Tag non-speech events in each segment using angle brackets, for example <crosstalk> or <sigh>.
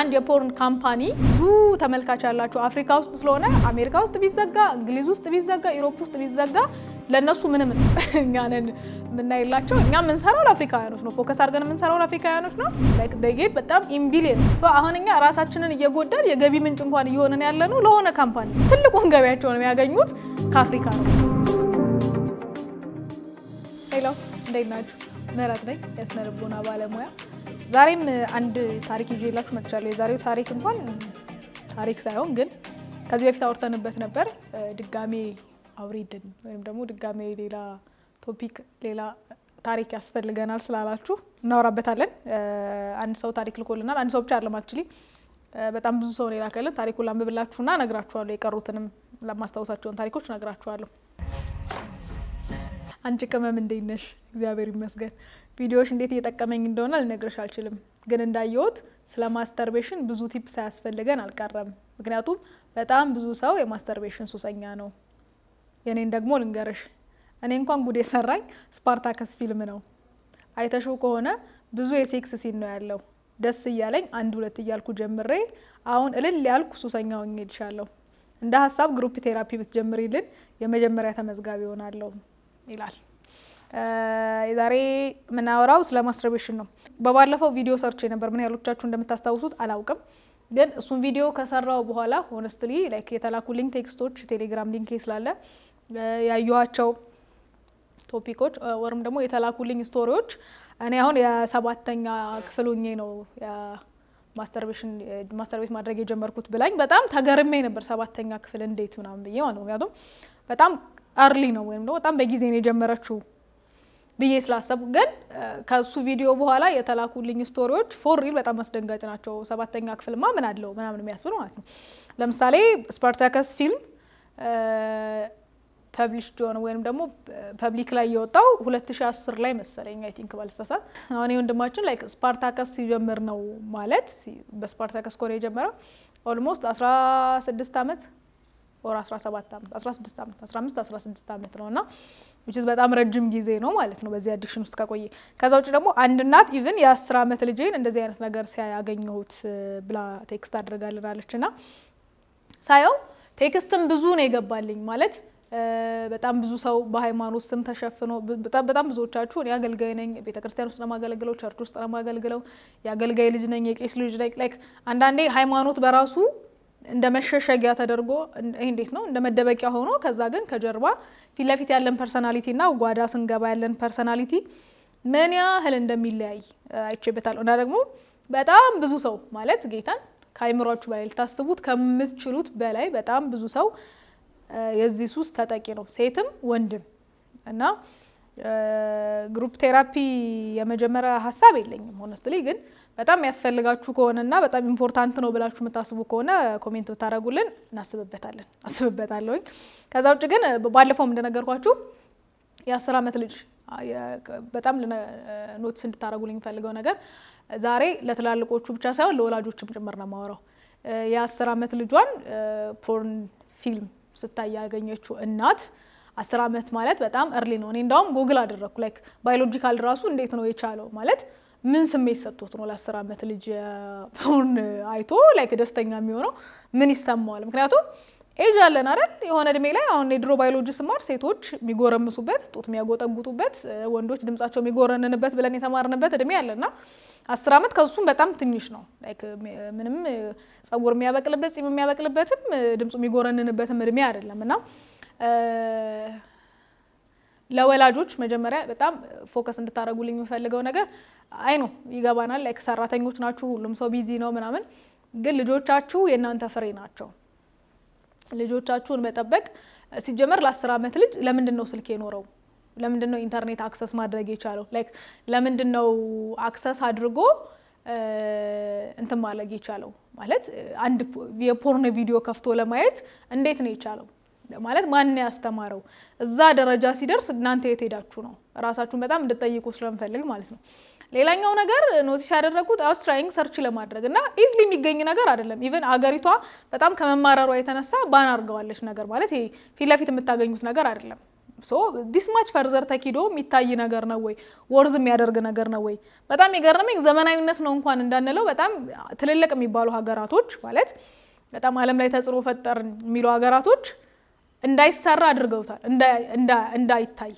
አንድ የፖርን ካምፓኒ ብዙ ተመልካች ያላቸው አፍሪካ ውስጥ ስለሆነ አሜሪካ ውስጥ ቢዘጋ፣ እንግሊዝ ውስጥ ቢዘጋ፣ ኢሮፕ ውስጥ ቢዘጋ ለእነሱ ምንም እኛንን ነን የምናይላቸው። እኛ የምንሰራው ለአፍሪካውያኖች ነው፣ ፎከስ አድርገን የምንሰራው ለአፍሪካውያኖች ነው። ላይክ ጌት በጣም ኢምቢሊየን አሁን እኛ ራሳችንን እየጎዳን የገቢ ምንጭ እንኳን እየሆነን ያለ ነው ለሆነ ካምፓኒ። ትልቁን ገቢያቸውን የሚያገኙት ከአፍሪካ ነው። ሄሎ፣ እንዴት ናችሁ? ምህረት ነኝ የስነ ልቦና ባለሙያ ዛሬም አንድ ታሪክ ይዤላችሁ መጥቻለሁ። የዛሬው ታሪክ እንኳን ታሪክ ሳይሆን ግን ከዚህ በፊት አውርተንበት ነበር። ድጋሜ አውሬድን ወይም ደግሞ ድጋሜ ሌላ ቶፒክ ሌላ ታሪክ ያስፈልገናል ስላላችሁ እናወራበታለን። አንድ ሰው ታሪክ ልኮልናል። አንድ ሰው ብቻ አይደለም አክቹዋሊ በጣም ብዙ ሰው የላከልን። ታሪኩን ላንብብላችሁና እነግራችኋለሁ። የቀሩትንም ለማስታወሳቸውን ታሪኮች እነግራችኋለሁ። አንቺ ቅመም እንዴት ነሽ? እግዚአብሔር ይመስገን። ቪዲዮዎች እንዴት እየጠቀመኝ እንደሆነ ልነግርሽ አልችልም፣ ግን እንዳየሁት ስለ ማስተርቤሽን ብዙ ቲፕ ሳያስፈልገን አልቀረም። ምክንያቱም በጣም ብዙ ሰው የማስተርቤሽን ሱሰኛ ነው። የኔን ደግሞ ልንገርሽ፣ እኔ እንኳን ጉድ የሰራኝ ስፓርታከስ ፊልም ነው። አይተሽው ከሆነ ብዙ የሴክስ ሲን ነው ያለው። ደስ እያለኝ አንድ ሁለት እያልኩ ጀምሬ አሁን እልል ያልኩ ሱሰኛ ሆኜ እንደ ሀሳብ ግሩፕ ቴራፒ ብትጀምሪልን የመጀመሪያ ተመዝጋቢ ይሆናለሁ ይላል። ዛሬ የምናወራው ስለ ማስተርቤሽን ነው። በባለፈው ቪዲዮ ሰርቼ ነበር። ምን ያህሎቻችሁ እንደምታስታውሱት አላውቅም፣ ግን እሱን ቪዲዮ ከሰራው በኋላ ሆነስትሊ ላይክ ሊንክ ቴክስቶች ቴሌግራም ሊንክ ስላለ ያየኋቸው ቶፒኮች ወይም ደግሞ የተላኩልኝ ስቶሪዎች እኔ አሁን የሰባተኛ ክፍል ሆኜ ነው ማስተርቤት ማድረግ የጀመርኩት ብላኝ በጣም ተገርሜ ነበር። ሰባተኛ ክፍል እንዴት ምናምን ብዬ ማለት ምክንያቱም በጣም አርሊ ነው ወይም ደግሞ በጣም በጊዜ ነው የጀመረችው ብዬ ስላሰብኩ ግን ከሱ ቪዲዮ በኋላ የተላኩልኝ ስቶሪዎች ፎሪል በጣም አስደንጋጭ ናቸው። ሰባተኛ ክፍልማ ምን አለው ምናምን የሚያስብ ማለት ነው። ለምሳሌ ስፓርታከስ ፊልም ፐብሊሽ ጆን ወይም ደግሞ ፐብሊክ ላይ የወጣው 2010 ላይ መሰለኝ አይ ቲንክ ባልሳሳት። አሁን ወንድማችን ላይ ስፓርታከስ ሲጀምር ነው ማለት በስፓርታከስ ኮር የጀመረው ኦልሞስት 16 ዓመት ኦር 17 ዓመት 16 ዓመት 15 16 ዓመት ነው እና which is በጣም ረጅም ጊዜ ነው ማለት ነው በዚህ አዲክሽን ውስጥ ከቆየ። ከዛ ውጭ ደግሞ አንድ እናት ኢቭን የ10 ዓመት ልጄን እንደዚህ አይነት ነገር ሲያገኘሁት ብላ ቴክስት አድርጋልናለች እና ሳየው ቴክስትም ብዙ ነው የገባልኝ ማለት በጣም ብዙ ሰው በሃይማኖት ስም ተሸፍኖ በጣም ብዙዎቻችሁ እኔ አገልጋይ ነኝ፣ ቤተክርስቲያን ውስጥ ነው የማገለግለው፣ ቸርች ውስጥ ነው የማገለግለው፣ የአገልጋይ ልጅ ነኝ፣ የቄስ ልጅ ነኝ። ላይክ አንዳንዴ ሃይማኖት በራሱ እንደ መሸሸጊያ ተደርጎ ይህ እንዴት ነው እንደ መደበቂያ ሆኖ ከዛ ግን ከጀርባ ፊት ለፊት ያለን ፐርሰናሊቲ እና ጓዳ ስንገባ ያለን ፐርሰናሊቲ ምን ያህል እንደሚለያይ አይቼበታለሁ። እና ደግሞ በጣም ብዙ ሰው ማለት ጌታን ከአይምሯችሁ በላይ ልታስቡት ከምትችሉት በላይ በጣም ብዙ ሰው የዚህ ሱስ ተጠቂ ነው፣ ሴትም ወንድም። እና ግሩፕ ቴራፒ የመጀመሪያ ሀሳብ የለኝም ሆነስትሊ ግን በጣም ያስፈልጋችሁ ከሆነና በጣም ኢምፖርታንት ነው ብላችሁ የምታስቡ ከሆነ ኮሜንት ብታደረጉልን እናስብበታለን አስብበታለሁኝ። ከዛ ውጭ ግን ባለፈውም እንደነገርኳችሁ የአስር ዓመት ልጅ በጣም ኖትስ እንድታደረጉልኝ የሚፈልገው ነገር ዛሬ ለትላልቆቹ ብቻ ሳይሆን ለወላጆችም ጭምር ነው የማወራው። የአስር ዓመት ልጇን ፖርን ፊልም ስታይ ያገኘችው እናት አስር ዓመት ማለት በጣም እርሊ ነው። እኔ እንዳውም ጎግል አደረግኩ ላይክ ባዮሎጂካል ራሱ እንዴት ነው የቻለው ማለት ምን ስሜት ሰጥቶት ነው ለአስር ዓመት ልጅ ሆን አይቶ ላይክ ደስተኛ የሚሆነው ምን ይሰማዋል? ምክንያቱም ኤጅ አለን አይደል? የሆነ እድሜ ላይ አሁን የድሮ ባዮሎጂ ስማር ሴቶች የሚጎረምሱበት ጡት የሚያጎጠጉጡበት፣ ወንዶች ድምጻቸው የሚጎረንንበት ብለን የተማርንበት እድሜ አለና አስር ዓመት ከሱም በጣም ትንሽ ነው። ላይክ ምንም ጸጉር የሚያበቅልበት ጺም የሚያበቅልበትም ድምፁ የሚጎረንንበትም እድሜ አይደለም እና ለወላጆች መጀመሪያ በጣም ፎከስ እንድታደርጉልኝ የሚፈልገው ነገር አይ ነው ይገባናል። ላይክ ሰራተኞች ናችሁ፣ ሁሉም ሰው ቢዚ ነው ምናምን፣ ግን ልጆቻችሁ የእናንተ ፍሬ ናቸው። ልጆቻችሁን መጠበቅ ሲጀመር ለአስር ዓመት ልጅ ለምንድን ነው ስልክ የኖረው? ለምንድን ነው ኢንተርኔት አክሰስ ማድረግ የቻለው? ላይክ ለምንድን ነው አክሰስ አድርጎ እንትን ማለግ የቻለው? ማለት አንድ የፖርኖ ቪዲዮ ከፍቶ ለማየት እንዴት ነው የቻለው? ማለት ማን ያስተማረው? እዛ ደረጃ ሲደርስ እናንተ የት ሄዳችሁ ነው? ራሳችሁን በጣም እንድጠይቁ ስለምፈልግ ማለት ነው። ሌላኛው ነገር ኖቲስ ያደረጉት አውስትራይንግ ሰርች ለማድረግ እና ኢዝሊ የሚገኝ ነገር አይደለም። ኢቨን አገሪቷ በጣም ከመማረሯ የተነሳ ባን አድርገዋለች። ነገር ማለት ይሄ ፊት ለፊት የምታገኙት ነገር አይደለም። ሶ ዲስ ማች ፈርዘር ተኪዶ የሚታይ ነገር ነው ወይ ወርዝ የሚያደርግ ነገር ነው ወይ? በጣም የገረመኝ ዘመናዊነት ነው እንኳን እንዳንለው በጣም ትልልቅ የሚባሉ ሀገራቶች ማለት በጣም ዓለም ላይ ተጽዕኖ ፈጠር የሚሉ ሀገራቶች እንዳይሰራ አድርገውታል። እንዳይታይ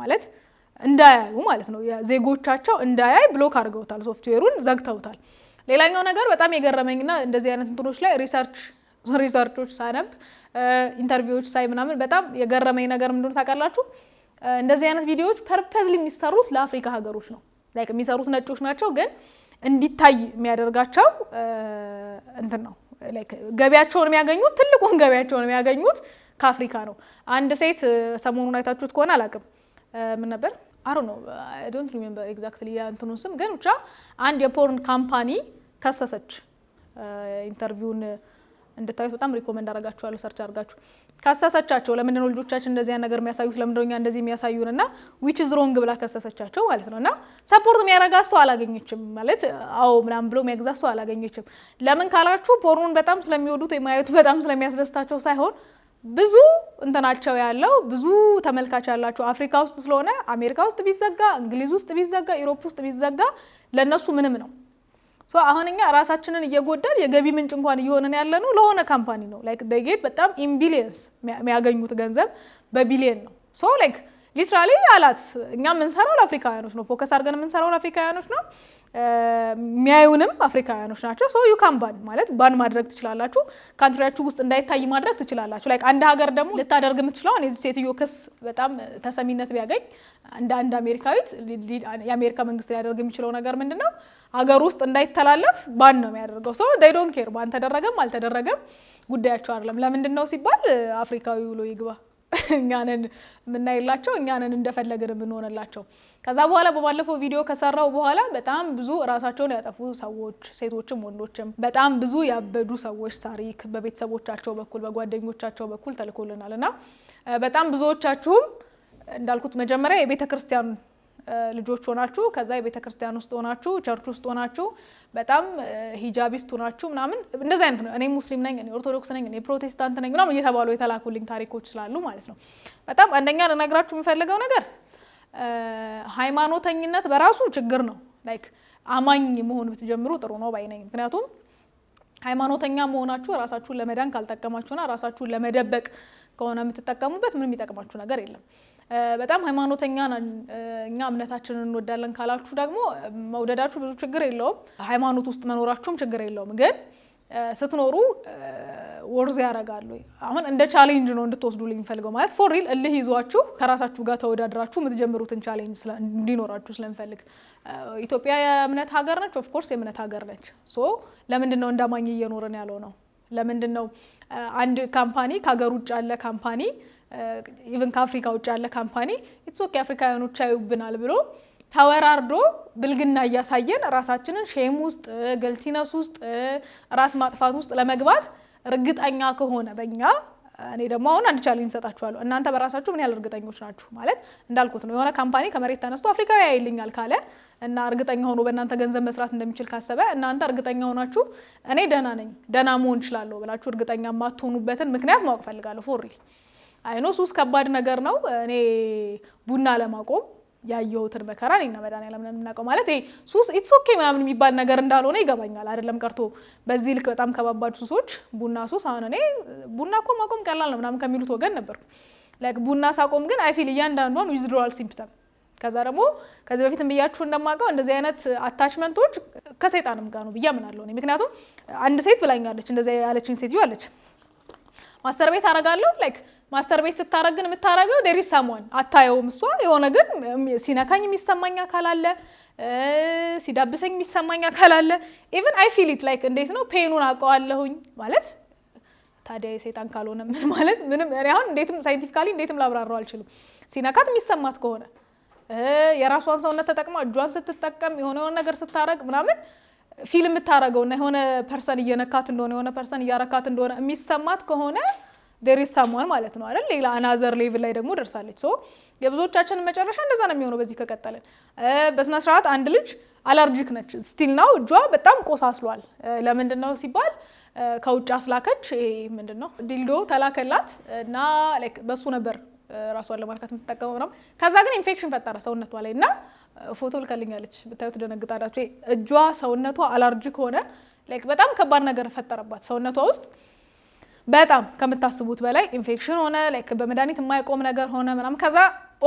ማለት እንዳያዩ ማለት ነው። ዜጎቻቸው እንዳያይ ብሎክ አድርገውታል፣ ሶፍትዌሩን ዘግተውታል። ሌላኛው ነገር በጣም የገረመኝና እንደዚህ አይነት እንትኖች ላይ ሪሰርች ሪሰርቾች ሳነብ ኢንተርቪዎች ሳይ ምናምን በጣም የገረመኝ ነገር ምንድነው ታውቃላችሁ? እንደዚህ አይነት ቪዲዮዎች ፐርፐዝሊ የሚሰሩት ለአፍሪካ ሀገሮች ነው። ላይክ የሚሰሩት ነጮች ናቸው፣ ግን እንዲታይ የሚያደርጋቸው እንትን ነው። ላይክ ገቢያቸውን የሚያገኙት ትልቁን ገቢያቸውን የሚያገኙት ከአፍሪካ ነው። አንድ ሴት ሰሞኑን አይታችሁት ከሆነ አላውቅም፣ ምን ነበር አሮ ነው ዶንት ሪሜምበር ኤግዛክትሊ የእንትኑን ስም ግን ብቻ አንድ የፖርን ካምፓኒ ከሰሰች። ኢንተርቪውን እንድታዩት በጣም ሪኮመንድ አረጋችኋለሁ፣ ሰርች አርጋችሁ ከሰሰቻቸው። ለምንድነው ልጆቻችን እንደዚህ ነገር የሚያሳዩት? ለምንድነው እኛ እንደዚህ የሚያሳዩን? እና ዊች ዝ ሮንግ ብላ ከሰሰቻቸው ማለት ነው። እና ሰፖርት የሚያረጋ ሰው አላገኘችም ማለት አዎ ምናምን ብሎ የሚያግዛ ሰው አላገኘችም። ለምን ካላችሁ ፖርኑን በጣም ስለሚወዱት የማያዩት በጣም ስለሚያስደስታቸው ሳይሆን ብዙ እንትናቸው ያለው ብዙ ተመልካች ያላቸው አፍሪካ ውስጥ ስለሆነ አሜሪካ ውስጥ ቢዘጋ፣ እንግሊዝ ውስጥ ቢዘጋ፣ ዩሮፕ ውስጥ ቢዘጋ ለእነሱ ምንም ነው። አሁን እኛ ራሳችንን እየጎዳን የገቢ ምንጭ እንኳን እየሆነን ያለ ነው ለሆነ ካምፓኒ ነው ላይክ በጣም ኢምቢሊየንስ የሚያገኙት ገንዘብ በቢሊየን ነው። ሶ ላይክ ሊትራሊ አላት እኛ የምንሰራው ለአፍሪካውያኖች ነው። ፎከስ አድርገን የምንሰራው ለአፍሪካውያኖች ነው። የሚያዩንም አፍሪካውያኖች ናቸው። ሰው ዩካን ባን ማለት ባን ማድረግ ትችላላችሁ፣ ካንትሪያችሁ ውስጥ እንዳይታይ ማድረግ ትችላላችሁ። ላይክ አንድ ሀገር ደግሞ ልታደርግ የምትችለው የዚህ ሴትዮ ክስ በጣም ተሰሚነት ቢያገኝ እንደ አንድ አሜሪካዊት የአሜሪካ መንግስት ሊያደርግ የሚችለው ነገር ምንድን ነው? ሀገር ውስጥ እንዳይተላለፍ ባን ነው የሚያደርገው። ሶ ዴይ ዶንት ኬር ባን ተደረገም አልተደረገም ጉዳያቸው አይደለም። ለምንድን ነው ሲባል አፍሪካዊ ብሎ ይግባ እኛንን የምናይላቸው እኛንን እንደፈለግን የምንሆንላቸው። ከዛ በኋላ በባለፈው ቪዲዮ ከሰራው በኋላ በጣም ብዙ ራሳቸውን ያጠፉ ሰዎች ሴቶችም ወንዶችም በጣም ብዙ ያበዱ ሰዎች ታሪክ በቤተሰቦቻቸው በኩል በጓደኞቻቸው በኩል ተልኮልናል እና በጣም ብዙዎቻችሁም እንዳልኩት መጀመሪያ የቤተ ልጆች ሆናችሁ ከዛ የቤተ ክርስቲያን ውስጥ ሆናችሁ ቸርች ውስጥ ሆናችሁ በጣም ሂጃቢስት ሆናችሁ ምናምን እንደዚህ አይነት ነው። እኔ ሙስሊም ነኝ፣ እኔ ኦርቶዶክስ ነኝ፣ እኔ ፕሮቴስታንት ነኝ ምናምን እየተባሉ የተላኩልኝ ታሪኮች ስላሉ ማለት ነው። በጣም አንደኛ ልነግራችሁ የምፈልገው ነገር ሃይማኖተኝነት በራሱ ችግር ነው። ላይክ አማኝ መሆን ብትጀምሩ ጥሩ ነው ባይነኝ። ምክንያቱም ሃይማኖተኛ መሆናችሁ ራሳችሁን ለመዳን ካልጠቀማችሁና ራሳችሁን ለመደበቅ ከሆነ የምትጠቀሙበት ምንም ይጠቅማችሁ ነገር የለም። በጣም ሃይማኖተኛ እኛ እምነታችንን እንወዳለን ካላችሁ ደግሞ መውደዳችሁ ብዙ ችግር የለውም። ሃይማኖት ውስጥ መኖራችሁም ችግር የለውም። ግን ስትኖሩ ወርዝ ያደርጋሉ። አሁን እንደ ቻሌንጅ ነው እንድትወስዱልኝ የምፈልገው ማለት ፎር ሪል እልህ ይዟችሁ ከራሳችሁ ጋር ተወዳድራችሁ የምትጀምሩትን ቻሌንጅ እንዲኖራችሁ ስለምፈልግ። ኢትዮጵያ የእምነት ሀገር ነች፣ ኦፍኮርስ የእምነት ሀገር ነች። ሶ ለምንድን ነው እንዳማኝ እየኖርን ያለው ነው? ለምንድን ነው አንድ ካምፓኒ ከሀገር ውጭ ያለ ካምፓኒ ኢቨን ከአፍሪካ ውጭ ያለ ካምፓኒ ኢትስ ኦኬ አፍሪካውያኖች ያዩብናል ብሎ ተወራርዶ ብልግና እያሳየን ራሳችንን ሼም ውስጥ ገልቲነስ ውስጥ ራስ ማጥፋት ውስጥ ለመግባት እርግጠኛ ከሆነ በእኛ እኔ ደግሞ አሁን አንድ ቻሌንጅ እሰጣችኋለሁ። እናንተ በራሳችሁ ምን ያህል እርግጠኞች ናችሁ? ማለት እንዳልኩት ነው። የሆነ ካምፓኒ ከመሬት ተነስቶ አፍሪካዊ ያይልኛል ካለ እና እርግጠኛ ሆኖ በእናንተ ገንዘብ መስራት እንደሚችል ካሰበ እናንተ እርግጠኛ ሆናችሁ እኔ ደህና ነኝ ደህና መሆን እችላለሁ ብላችሁ እርግጠኛ የማትሆኑበትን ምክንያት ማወቅ ፈልጋለሁ ፎር አይኖ ሱስ ከባድ ነገር ነው። እኔ ቡና ለማቆም ያየሁትን መከራ እና መድኃኒዓለም ነው የምናውቀው። ማለት ሱስ ኢትስ ኦኬ ምናምን የሚባል ነገር እንዳልሆነ ይገባኛል። አይደለም ቀርቶ በዚህ ልክ በጣም ከባባድ ሱሶች ቡና ሱስ፣ አሁን እኔ ቡና እኮ ማቆም ቀላል ነው ምናምን ከሚሉት ወገን ነበርኩ። ላይክ ቡና ሳቆም ግን አይፊል እያንዳንዷን ዊዝድሮዋል ሲምፕተም ከዛ ደግሞ ከዚህ በፊት ብያችሁ እንደማውቀው እንደዚህ አይነት አታችመንቶች ከሰይጣንም ጋር ነው ብዬ አምናለሁ ምክንያቱም አንድ ሴት ብላኛለች፣ እንደዚያ ያለችን ሴትዮ አለች ማስተር ቤት አረጋለሁ ላይክ ማስተር ቤት ስታረግ ግን የምታረገው ዴሪ ሰሞን አታየውም። እሷ የሆነ ግን ሲነካኝ የሚሰማኝ አካል አለ፣ ሲዳብሰኝ የሚሰማኝ አካል አለ። ኢቨን አይ ፊል ኢት ላይክ እንዴት ነው ፔኑን አውቀዋለሁኝ ማለት ታዲያ የሰይጣን ካልሆነ ምን ማለት ምንም። እኔ አሁን እንዴትም ሳይንቲፊካሊ እንዴትም ላብራራው አልችልም። ሲነካት የሚሰማት ከሆነ የራሷን ሰውነት ተጠቅማ እጇን ስትጠቀም የሆነ የሆነ ነገር ስታረግ ምናምን ፊል የምታረገውና የሆነ ፐርሰን እየነካት እንደሆነ የሆነ ፐርሰን እያረካት እንደሆነ የሚሰማት ከሆነ ዴሪስ ሳሟን ማለት ነው አይደል? ሌላ አናዘር ሌቭል ላይ ደግሞ ደርሳለች። ሶ የብዙዎቻችን መጨረሻ እንደዛ ነው የሚሆነው በዚህ ከቀጠልን። በስነ ስርዓት አንድ ልጅ አለርጂክ ነች ስቲል ናው እጇ በጣም ቆሳስሏል። ለምንድን ነው ሲባል ከውጭ አስላከች። ይሄ ምንድን ነው ዲልዶ ተላከላት እና በሱ ነበር ራሷን ለማርካት የምትጠቀመው ነው። ከዛ ግን ኢንፌክሽን ፈጠረ ሰውነቷ ላይ እና ፎቶ ልከልኛለች ብታዩት ደነግጣላችሁ። እጇ ሰውነቷ አለርጂክ ሆነ። በጣም ከባድ ነገር ፈጠረባት ሰውነቷ ውስጥ በጣም ከምታስቡት በላይ ኢንፌክሽን ሆነ ላይክ በመድኃኒት የማይቆም ነገር ሆነ ምናምን ከዛ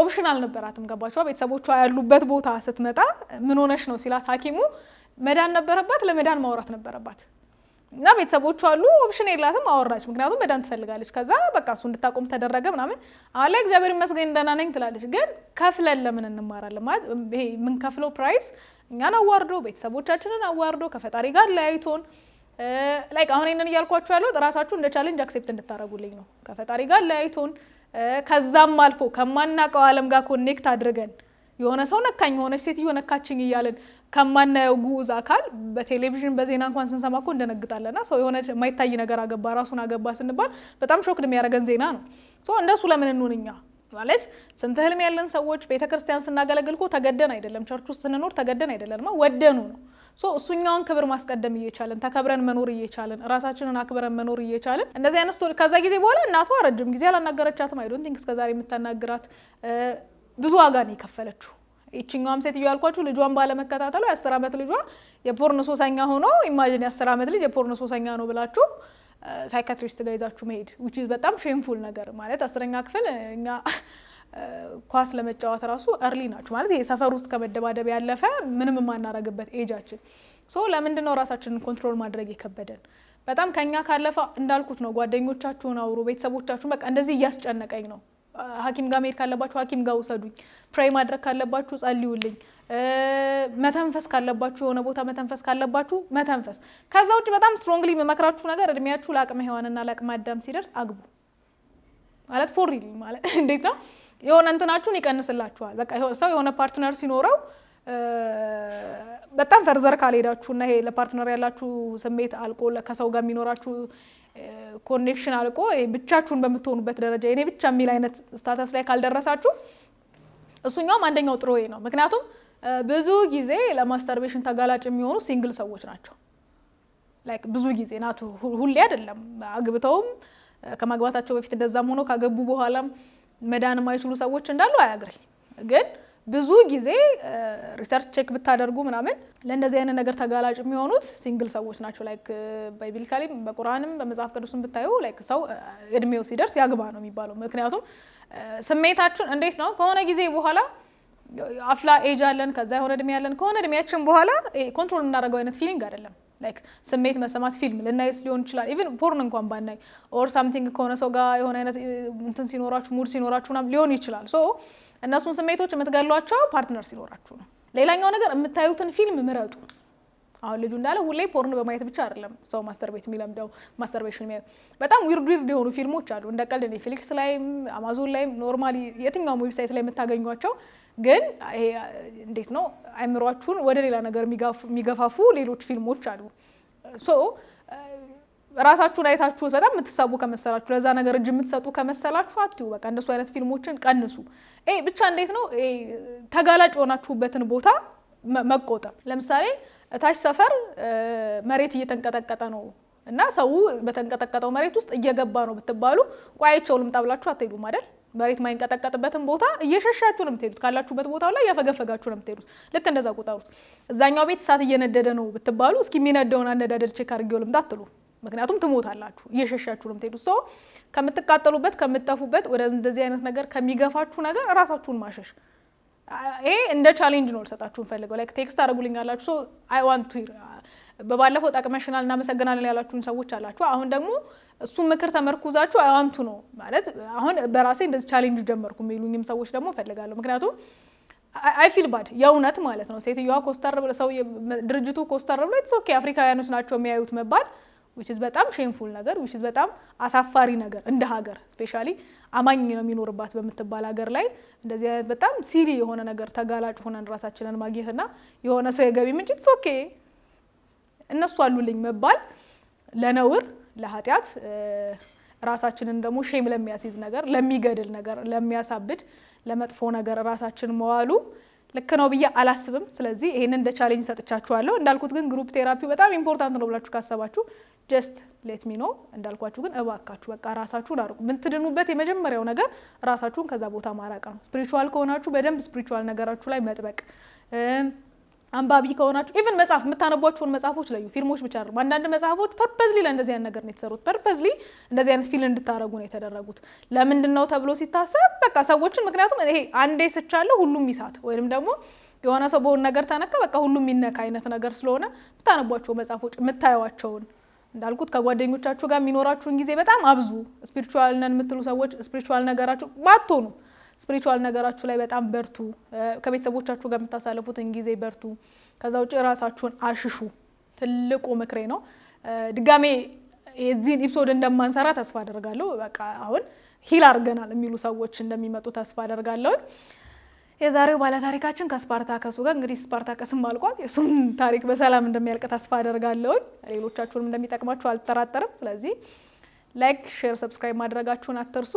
ኦፕሽን አልነበራትም። ገባችኋ? ቤተሰቦቿ ያሉበት ቦታ ስትመጣ ምን ሆነሽ ነው ሲላት ሀኪሙ መዳን ነበረባት፣ ለመዳን ማውራት ነበረባት። እና ቤተሰቦቿ አሉ ኦፕሽን የላትም፣ አወራች። ምክንያቱም መዳን ትፈልጋለች። ከዛ በቃ እሱ እንድታቆም ተደረገ ምናምን። አሁን ላይ እግዚአብሔር ይመስገን ደህና ነኝ ትላለች። ግን ከፍለን ለምን እንማራለን? ማለት ይሄ የምንከፍለው ፕራይስ እኛን አዋርዶ ቤተሰቦቻችንን አዋርዶ ከፈጣሪ ጋር ለያይቶን ላይክ አሁን ይህንን እያልኳችሁ ያለሁት ራሳችሁ እንደ ቻሌንጅ አክሴፕት እንድታደርጉልኝ ነው። ከፈጣሪ ጋር ለያይቶን ከዛም አልፎ ከማናውቀው ዓለም ጋር ኮኔክት አድርገን የሆነ ሰው ነካኝ፣ የሆነች ሴትዮ ነካችኝ እያለን ከማናየው ጉዑዝ አካል በቴሌቪዥን በዜና እንኳን ስንሰማ እኮ እንደነግጣለና ሰው የሆነ የማይታይ ነገር አገባ ራሱን አገባ ስንባል በጣም ሾክድ የሚያደርገን ዜና ነው። ሰው እንደሱ ለምን እንሆን እኛ ማለት ስንት ህልም ያለን ሰዎች ቤተክርስቲያን ስናገለግል እኮ ተገደን አይደለም፣ ቸርች ውስጥ ስንኖር ተገደን አይደለም፣ ወደኑ ነው እሱኛውን ክብር ማስቀደም እየቻለን ተከብረን መኖር እየቻለን ራሳችንን አክብረን መኖር እየቻለን እንደዚህ አይነት ስቶሪ ከዛ ጊዜ በኋላ እናቷ ረጅም ጊዜ አላናገረቻትም። አይ ዶንት ቲንክ እስከዛሬ የምታናግራት ብዙ ዋጋ ነው የከፈለችው። ይችኛዋም ሴትዮ ያልኳችሁ ልጇን ባለመከታተሉ የአስር ዓመት ልጇ የፖርን ሶሰኛ ሆኖ ኢማጂን የአስር ዓመት ልጅ የፖርን ሶሰኛ ነው ብላችሁ ሳይካትሪስት ጋር ይዛችሁ መሄድ ዊች ኢዝ በጣም ሼምፉል ነገር ማለት አስረኛ ክፍል እኛ ኳስ ለመጫወት ራሱ እርሊ ናቸው ማለት የሰፈር ውስጥ ከመደባደብ ያለፈ ምንም የማናረግበት ኤጃችን። ሶ ለምንድን ነው ራሳችንን ኮንትሮል ማድረግ የከበደን? በጣም ከኛ ካለፈ እንዳልኩት ነው። ጓደኞቻችሁን አውሩ፣ ቤተሰቦቻችሁን በቃ እንደዚህ እያስጨነቀኝ ነው ሐኪም ጋር መሄድ ካለባችሁ ሐኪም ጋር ውሰዱኝ፣ ፕሬይ ማድረግ ካለባችሁ ጸልዩልኝ፣ መተንፈስ ካለባችሁ የሆነ ቦታ መተንፈስ ካለባችሁ መተንፈስ። ከዛ ውጭ በጣም ስትሮንግሊ የምመክራችሁ ነገር እድሜያችሁ ለአቅመ ሔዋንና ለአቅመ አዳም ሲደርስ አግቡ ማለት ፎሪ ማለት <laughs> እንዴት ነው የሆነ እንትናችሁን ይቀንስላችኋል። በቃ ሰው የሆነ ፓርትነር ሲኖረው በጣም ፈርዘር ካልሄዳችሁ እና ይሄ ለፓርትነር ያላችሁ ስሜት አልቆ ከሰው ጋር የሚኖራችሁ ኮኔክሽን አልቆ ብቻችሁን በምትሆኑበት ደረጃ የኔ ብቻ የሚል አይነት ስታተስ ላይ ካልደረሳችሁ እሱኛውም አንደኛው ጥሩ ነው። ምክንያቱም ብዙ ጊዜ ለማስተርቤሽን ተጋላጭ የሚሆኑ ሲንግል ሰዎች ናቸው። ላይክ ብዙ ጊዜ ናቱ ሁሌ አይደለም። አግብተውም ከማግባታቸው በፊት እንደዛም ሆኖ ካገቡ በኋላም መዳን የማይችሉ ሰዎች እንዳሉ አያግረኝ። ግን ብዙ ጊዜ ሪሰርች ቼክ ብታደርጉ ምናምን ለእንደዚህ አይነት ነገር ተጋላጭ የሚሆኑት ሲንግል ሰዎች ናቸው። ላይክ ባይብሊካሊ በቁርአንም በመጽሐፍ ቅዱስም ብታዩ ላይክ ሰው እድሜው ሲደርስ ያግባ ነው የሚባለው። ምክንያቱም ስሜታችን እንዴት ነው ከሆነ ጊዜ በኋላ አፍላ ኤጅ አለን፣ ከዛ የሆነ እድሜ ያለን ከሆነ እድሜያችን በኋላ ኮንትሮል የምናደርገው አይነት ፊሊንግ አይደለም። ላይክ ስሜት መሰማት ፊልም ልናይስ ሊሆን ይችላል። ኢቨን ፖርን እንኳን ባናይ ኦር ሳምቲንግ ከሆነ ሰው ጋር የሆነ አይነት እንትን ሲኖራችሁ ሙድ ሲኖራችሁ ምናምን ሊሆን ይችላል። ሶ እነሱን ስሜቶች የምትገሏቸው ፓርትነር ሲኖራችሁ ነው። ሌላኛው ነገር የምታዩትን ፊልም ምረጡ። አሁን ልጁ እንዳለ ሁሌ ፖርን በማየት ብቻ አይደለም ሰው ማስተርቤት የሚለምደው። ማስተርቤሽን የሚያ በጣም ዊርድ ዊርድ የሆኑ ፊልሞች አሉ እንደ ቀልድ ኔትፍሊክስ ላይም አማዞን ላይም ኖርማሊ የትኛውም ዌብሳይት ላይ የምታገኟቸው ግን እንዴት ነው አይምሯችሁን ወደ ሌላ ነገር የሚገፋፉ ሌሎች ፊልሞች አሉ። ሶ ራሳችሁን አይታችሁት በጣም የምትሳቡ ከመሰላችሁ፣ ለዛ ነገር እጅ የምትሰጡ ከመሰላችሁ አትዩ። በቃ እንደሱ አይነት ፊልሞችን ቀንሱ። ብቻ እንዴት ነው ተጋላጭ የሆናችሁበትን ቦታ መቆጠብ። ለምሳሌ እታች ሰፈር መሬት እየተንቀጠቀጠ ነው እና ሰው በተንቀጠቀጠው መሬት ውስጥ እየገባ ነው ብትባሉ ቋይቸው ልምጣ ብላችሁ አትሄዱም አይደል? መሬት የማይንቀጠቀጥበትን ቦታ እየሸሻችሁ ነው የምትሄዱት። ካላችሁበት ቦታ ላይ እያፈገፈጋችሁ ነው የምትሄዱት። ልክ እንደዛ ቁጠሩት። እዛኛው ቤት እሳት እየነደደ ነው ብትባሉ እስኪ የሚነደውን አነዳደድ ቼክ አድርጌው ልምጣ አትሉ። ምክንያቱም ትሞታላችሁ፣ እየሸሻችሁ ነው የምትሄዱት። ሰው ከምትቃጠሉበት ከምትጠፉበት፣ ወደ እንደዚህ አይነት ነገር ከሚገፋችሁ ነገር እራሳችሁን ማሸሽ ይሄ እንደ ቻሌንጅ ነው ልሰጣችሁ እንፈልገው። ላይክ ቴክስት አድርጉልኝ ያላችሁ ሰው አይ ዋንት ቱ በባለፈው ጠቅመሽናል እናመሰግናለን ያላችሁን ሰዎች አላችሁ። አሁን ደግሞ እሱ ምክር ተመርኩዛችሁ አንቱ ነው ማለት አሁን በራሴ እንደዚህ ቻሌንጅ ጀመርኩ የሚሉኝም ሰዎች ደግሞ እፈልጋለሁ። ምክንያቱም አይ ፊል ባድ የእውነት ማለት ነው። ሴትዮዋ ኮስተር ብሎ ሰው ድርጅቱ ኮስተር ብሎ ኢትስ ኦኬ አፍሪካውያኖች ናቸው የሚያዩት መባል ዊች በጣም ሼምፉል ነገር ዊች በጣም አሳፋሪ ነገር እንደ ሀገር ስፔሻሊ አማኝ ነው የሚኖርባት በምትባል ሀገር ላይ እንደዚህ አይነት በጣም ሲሪ የሆነ ነገር ተጋላጭ ሆነን ራሳችንን ማግኘትና የሆነ ሰው የገቢ ምንጭ ኦኬ እነሱ አሉልኝ መባል ለነውር ለኃጢአት ራሳችንን ደግሞ ሼም ለሚያስይዝ ነገር፣ ለሚገድል ነገር፣ ለሚያሳብድ ለመጥፎ ነገር ራሳችን መዋሉ ልክ ነው ብዬ አላስብም። ስለዚህ ይህንን እንደ ቻሌንጅ ሰጥቻችኋለሁ። እንዳልኩት ግን ግሩፕ ቴራፒው በጣም ኢምፖርታንት ነው ብላችሁ ካሰባችሁ ጀስት ሌት ሚ ኖ። እንዳልኳችሁ ግን እባካችሁ በቃ ራሳችሁን አርቁ። የምትድኑበት የመጀመሪያው ነገር ራሳችሁን ከዛ ቦታ ማራቅ ነው። ስፕሪቹዋል ከሆናችሁ በደንብ ስፕሪቹዋል ነገራችሁ ላይ መጥበቅ አንባቢ ከሆናችሁ ኢቨን መጽሐፍ የምታነቧቸውን መጽሐፎች ለዩ። ፊልሞች ብቻ አይደሉም። አንዳንድ መጽሐፎች ፐርፐዝሊ ለእንደዚህ አይነት ነገር ነው የተሰሩት። ፐርፐዝሊ እንደዚህ አይነት ፊል እንድታደረጉ ነው የተደረጉት። ለምንድን ነው ተብሎ ሲታሰብ በቃ ሰዎችን ምክንያቱም ይሄ አንዴ ስቻለሁ ሁሉም ይሳት ወይም ደግሞ የሆነ ሰው በሆን ነገር ተነካ በቃ ሁሉም ይነካ አይነት ነገር ስለሆነ የምታነቧቸው መጽሐፎች የምታዩዋቸውን እንዳልኩት ከጓደኞቻችሁ ጋር የሚኖራችሁን ጊዜ በጣም አብዙ። ስፒሪቹዋል ነን የምትሉ ሰዎች ስፒሪቹዋል ነገራችሁ ባትሆኑ ስፕሪቹዋል ነገራችሁ ላይ በጣም በርቱ። ከቤተሰቦቻችሁ ጋር የምታሳልፉትን ጊዜ በርቱ። ከዛ ውጭ ራሳችሁን አሽሹ። ትልቁ ምክሬ ነው። ድጋሜ የዚህን ኤፒሶድ እንደማንሰራ ተስፋ አደርጋለሁ። በቃ አሁን ሂል አድርገናል የሚሉ ሰዎች እንደሚመጡ ተስፋ አደርጋለሁ። የዛሬው ባለታሪካችን ከስፓርታከሱ ጋር እንግዲህ ስፓርታከስም አልቋል። የእሱም ታሪክ በሰላም እንደሚያልቅ ተስፋ አደርጋለሁ። ሌሎቻችሁንም እንደሚጠቅማችሁ አልጠራጠርም። ስለዚህ ላይክ፣ ሼር፣ ሰብስክራይብ ማድረጋችሁን አትርሱ።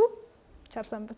ቸር